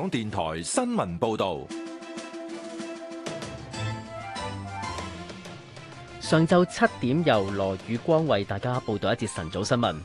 港電台新聞報道：上晝七點，由羅宇光為大家報道一節晨早新聞。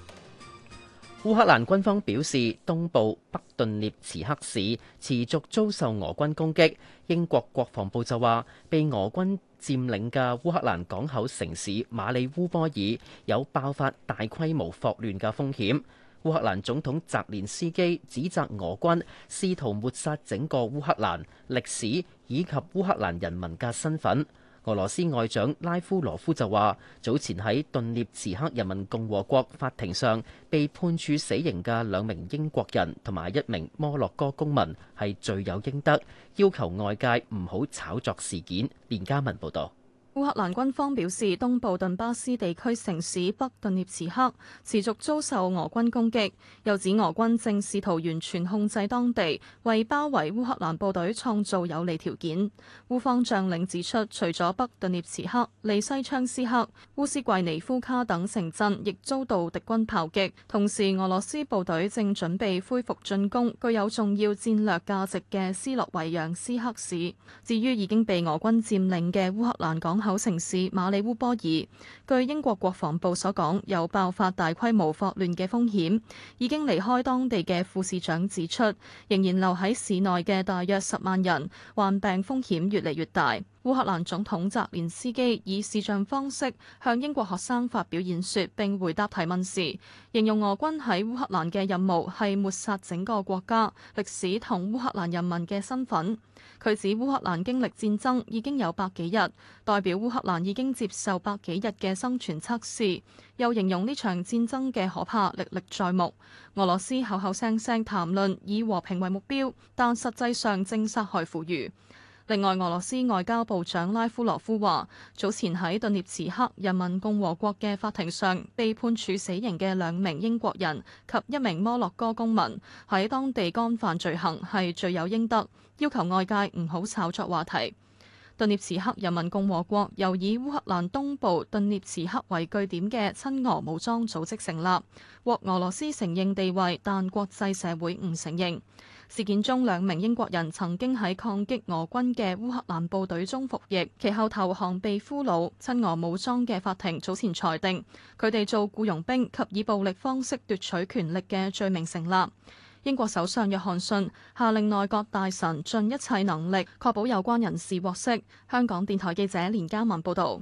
烏克蘭軍方表示，東部北頓涅茨克市持續遭受俄軍攻擊。英國國防部就話，被俄軍佔領嘅烏克蘭港口城市馬里烏波爾有爆發大規模霍亂嘅風險。烏克蘭總統澤連斯基指責俄軍試圖抹殺整個烏克蘭歷史，以及烏克蘭人民嘅身份。俄羅斯外長拉夫羅夫就話，早前喺頓涅茨克人民共和國法庭上被判處死刑嘅兩名英國人同埋一名摩洛哥公民係罪有應得，要求外界唔好炒作事件。連家文報道。烏克蘭軍方表示，東部頓巴斯地區城市北頓涅茨克持續遭受俄軍攻擊，又指俄軍正試圖完全控制當地，為包圍烏克蘭部隊創造有利條件。烏方將領指出，除咗北頓涅茨克、利西昌斯克、烏斯季尼夫卡等城鎮，亦遭到敵軍炮擊。同時，俄羅斯部隊正準備恢復進攻具有重要戰略價值嘅斯洛維揚斯克市。至於已經被俄軍佔領嘅烏克蘭港口城市馬里烏波爾，據英國國防部所講，有爆發大規模霍亂嘅風險。已經離開當地嘅副市長指出，仍然留喺市內嘅大約十萬人，患病風險越嚟越大。烏克蘭總統澤連斯基以視像方式向英國學生發表演說並回答提問時，形容俄軍喺烏克蘭嘅任務係抹殺整個國家、歷史同烏克蘭人民嘅身份。佢指烏克蘭經歷戰爭已經有百幾日，代表烏克蘭已經接受百幾日嘅生存測試，又形容呢場戰爭嘅可怕歷歷在目。俄羅斯口口聲聲談論以和平為目標，但實際上正殺害婦孺。另外，俄羅斯外交部長拉夫羅夫話：早前喺頓涅茨克人民共和國嘅法庭上，被判處死刑嘅兩名英國人及一名摩洛哥公民喺當地干犯罪行係罪有應得，要求外界唔好炒作話題。頓涅茨克人民共和國又以烏克蘭東部頓涅茨克為據點嘅親俄武裝組織成立，獲俄羅斯承認地位，但國際社會唔承認。事件中，兩名英國人曾經喺抗擊俄軍嘅烏克蘭部隊中服役，其後投降被俘虜。親俄武裝嘅法庭早前裁定，佢哋做僱傭兵及以暴力方式奪取權力嘅罪名成立。英國首相約翰遜下令內閣大臣盡一切能力確保有關人士獲釋。香港電台記者連家文報道。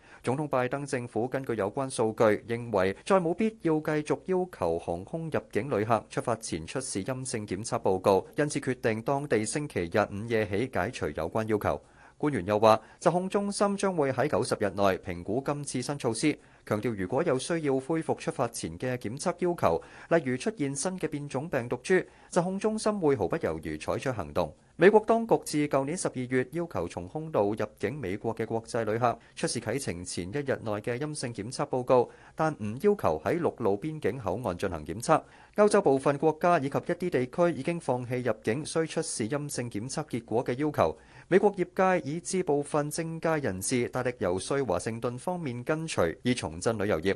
總統拜登政府根據有關數據，認為再冇必要繼續要求航空入境旅客出發前出示陰性檢測報告，因此決定當地星期日午夜起解除有關要求。官員又話，疾控中心將會在九十日內評估今次新措施，強調如果有需要恢復出發前的檢測要求，例如出現新的變種病毒株，疾控中心會毫不猶豫採取行動。美國當局自舊年十二月要求從空路入境美國嘅國際旅客出示啟程前一日內嘅陰性檢測報告，但唔要求喺陸路邊境口岸進行檢測。歐洲部分國家以及一啲地區已經放棄入境需出示陰性檢測結果嘅要求。美國業界以至部分政界人士大力遊說華盛頓方面跟隨，以重振旅遊業。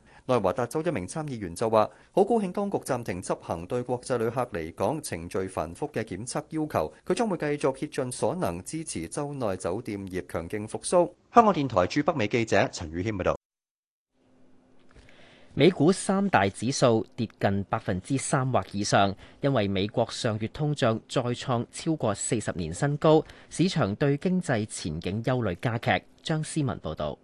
內華達州一名參議員就話：好高興，當局暫停執行對國際旅客嚟講程序繁複嘅檢測要求。佢將會繼續竭盡所能支持州內酒店業強勁復甦。香港電台駐北美記者陳宇軒報道：「美股三大指數跌近百分之三或以上，因為美國上月通脹再創超過四十年新高，市場對經濟前景憂慮加劇。」張思文報道。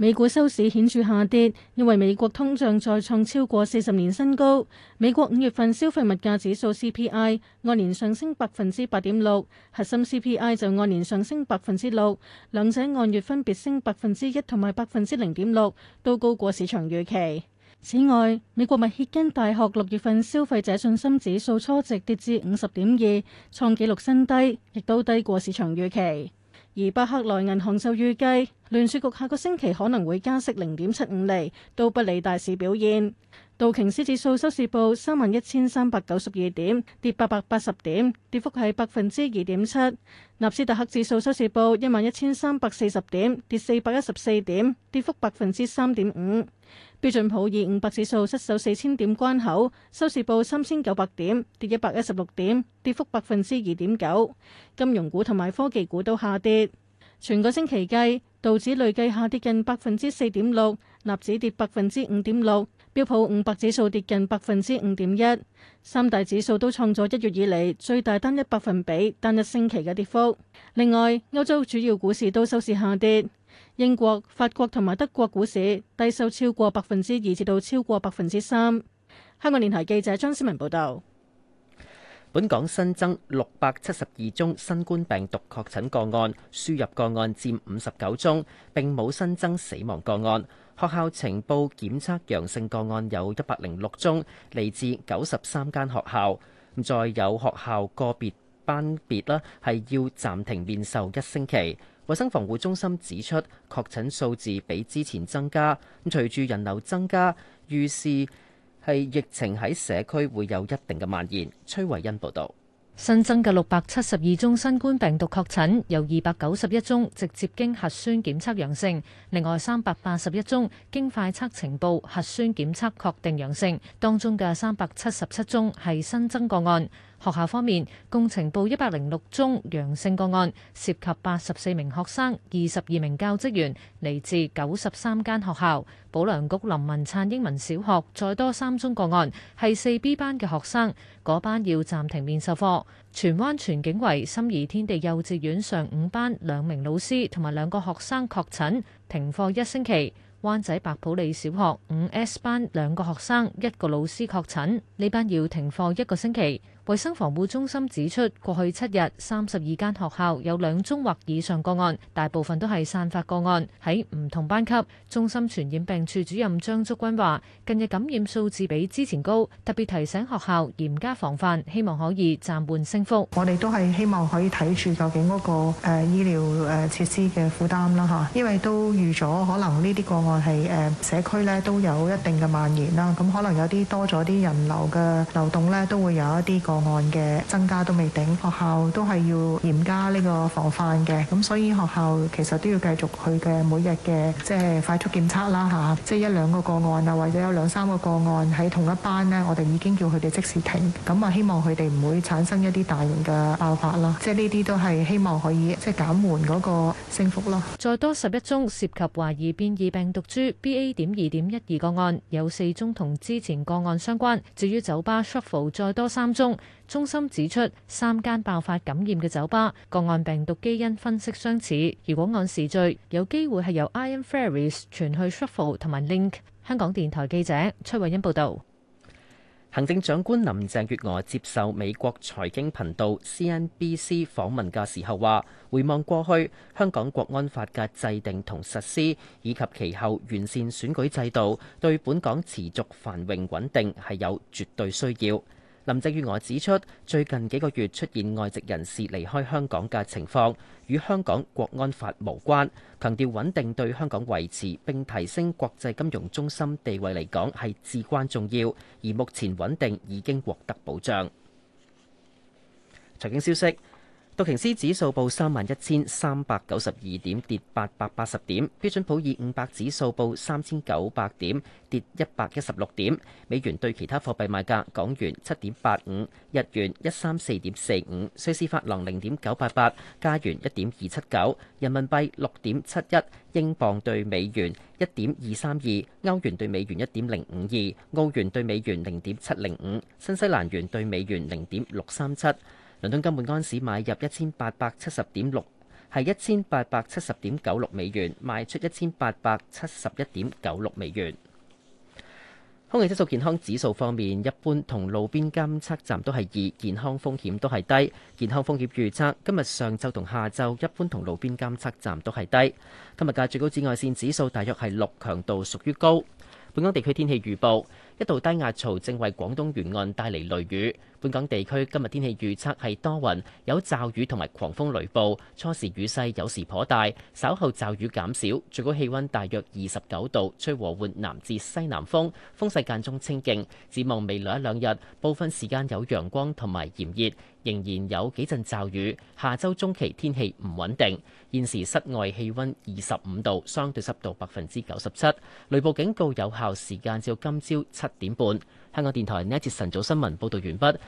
美股收市顯著下跌，因為美國通脹再創超過四十年新高。美國五月份消費物價指數 CPI 按年上升百分之八點六，核心 CPI 就按年上升百分之六，兩者按月分別升百分之一同埋百分之零點六，都高過市場預期。此外，美國密歇根大學六月份消費者信心指數初值跌至五十點二，創紀錄新低，亦都低過市場預期。而巴克萊銀行就預計，聯儲局下個星期可能會加息零點七五厘，都不利大市表現。道瓊斯指數收市報三萬一千三百九十二點，跌八百八十點，跌幅係百分之二點七。納斯達克指數收市報一萬一千三百四十點，跌四百一十四點，跌幅百分之三點五。標準普爾五百指數失守四千點關口，收市報三千九百點，跌一百一十六點，跌幅百分之二點九。金融股同埋科技股都下跌，全個星期計。道指累計下跌近百分之四點六，納指跌百分之五點六，標普五百指數跌近百分之五點一，三大指數都創咗一月以嚟最大單一百分比單一星期嘅跌幅。另外，歐洲主要股市都收市下跌，英國、法國同埋德國股市低收超過百分之二至到超過百分之三。香港電台記者張思文報道。本港新增六百七十二宗新冠病毒確診個案，輸入個案佔五十九宗，並冇新增死亡個案。學校情報檢測陽性個案有一百零六宗，嚟自九十三間學校。再有學校個別班別咧，係要暫停面授一星期。衛生防護中心指出，確診數字比之前增加，隨住人流增加，預示。係疫情喺社區會有一定嘅蔓延。崔慧欣報道，新增嘅六百七十二宗新冠病毒確診，有二百九十一宗直接經核酸檢測陽性，另外三百八十一宗經快測呈報核酸檢測確定陽性，當中嘅三百七十七宗係新增個案。學校方面，共呈報一百零六宗陽性個案，涉及八十四名學生、二十二名教職員，嚟自九十三間學校。保良局林文燦英文小學再多三宗個案，係四 B 班嘅學生，嗰班要暫停面授課。荃灣荃景圍心怡天地幼稚園上午班兩名老師同埋兩個學生確診，停課一星期。灣仔白普理小學五 S 班兩個學生、一個老師確診，呢班要停課一個星期。衛生防護中心指出，過去七日三十二間學校有兩宗或以上個案，大部分都係散發個案，喺唔同班級。中心傳染病處主任張竹君話：近日感染數字比之前高，特別提醒學校嚴加防範，希望可以暫緩升幅。我哋都係希望可以睇住究竟嗰、那個誒、呃、醫療誒設施嘅負擔啦吓，因為都預咗可能呢啲個案係誒、呃、社區咧都有一定嘅蔓延啦，咁、啊、可能有啲多咗啲人流嘅流動咧，都會有一啲個案嘅增加都未定，學校都係要嚴加呢個防範嘅。咁所以學校其實都要繼續佢嘅每日嘅即係快速檢測啦，嚇，即係一兩個個案啊，或者有兩三個個案喺同一班呢，我哋已經叫佢哋即時停。咁啊，希望佢哋唔會產生一啲大型嘅爆發啦。即係呢啲都係希望可以即係減緩嗰個升幅咯。再多十一宗涉及懷疑變異病毒株 BA.2.12 個案，有四宗同之前個案相關。至於酒吧 Shuffle，再多三宗。中心指出，三間爆發感染嘅酒吧個案病毒基因分析相似。如果按時序，有機會係由 Iron Fairies 傳去 Shuffle 同埋 Link。香港電台記者崔慧欣報道。行政長官林鄭月娥接受美國財經頻道 CNBC 訪問嘅時候話，回望過去，香港國安法嘅制定同實施，以及其後完善選舉制度，對本港持續繁榮穩定係有絕對需要。林鄭月娥指出，最近幾個月出現外籍人士離開香港嘅情況，與香港國安法無關。強調穩定對香港維持並提升國際金融中心地位嚟講係至關重要，而目前穩定已經獲得保障。財經消息。道瓊斯指數報三萬一千三百九十二點，跌八百八十點。標準普爾五百指數報三千九百點，跌一百一十六點。美元對其他貨幣買價：港元七點八五，日元一三四點四五，瑞士法郎零點九八八，加元一點二七九，人民幣六點七一，英鎊對美元一點二三二，歐元對美元一點零五二，澳元對美元零點七零五，新西蘭元對美元零點六三七。倫敦金本安市買入一千八百七十點六，係一千八百七十點九六美元，賣出一千八百七十一點九六美元。空氣質素健康指數方面，一般同路邊監測站都係二，健康風險都係低。健康風險預測今日上晝同下晝一般同路邊監測站都係低。今日嘅最高紫外線指數大約係六，強度屬於高。本港地區天氣預報：一道低壓槽正為廣東沿岸帶嚟雷雨。本港地區今日天氣預測係多雲，有驟雨同埋狂風雷暴，初時雨勢有時頗大，稍後驟雨減少。最高氣温大約二十九度，吹和緩南至西南風，風勢間中清勁。展望未來一兩日，部分時間有陽光同埋炎熱，仍然有幾陣驟雨。下周中期天氣唔穩定。現時室外氣温二十五度，相對濕度百分之九十七。雷暴警告有效時間至到今朝七點半。香港電台呢一節晨早新聞報道完畢。